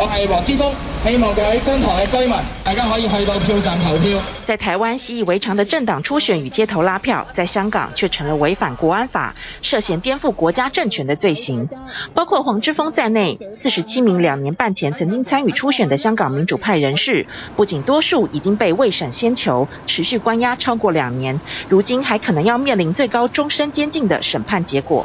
我係黃之鋒，希望各位觀塘嘅居民，大家可以去到票站投票。在台灣習以為常的政黨初選與街頭拉票，在香港卻成了違反國安法、涉嫌顛覆國家政權的罪行。包括黃之鋒在內，47名兩年半前曾經參與初選的香港民主派人士，不僅多數已經被未審先囚，持續關押超過兩年，如今還可能要面臨最高終身監禁的審判結果。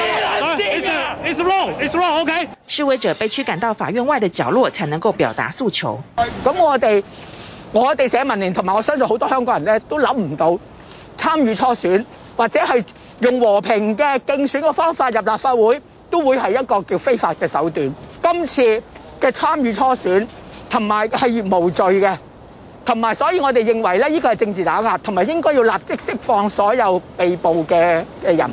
It's wrong, it's wrong, okay? 示威者被驅趕到法院外嘅角落，才能夠表達訴求。咁我哋，我哋社民連同埋我相信好多香港人咧，都諗唔到參與初選，或者係用和平嘅競選嘅方法入立法會，都會係一個叫非法嘅手段。今次嘅參與初選同埋係無罪嘅。同埋，所以我哋認為呢依個係政治打壓，同埋應該要立即釋放所有被捕嘅嘅人。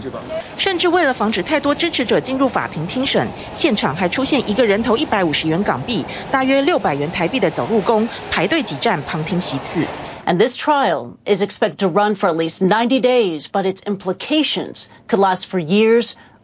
甚至為了防止太多支持者進入法庭聽審，現場還出現一個人頭一百五十元港幣，大約六百元台幣的走路工，排隊擠站旁聽席次。And this trial is expect to run for at least ninety days, but its implications could last for years.